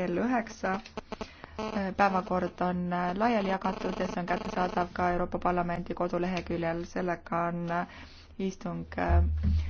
kell üheksa. päevakord on laiali jagatud ja see on kättesaadav ka Euroopa Parlamendi koduleheküljel, sellega on istung äh,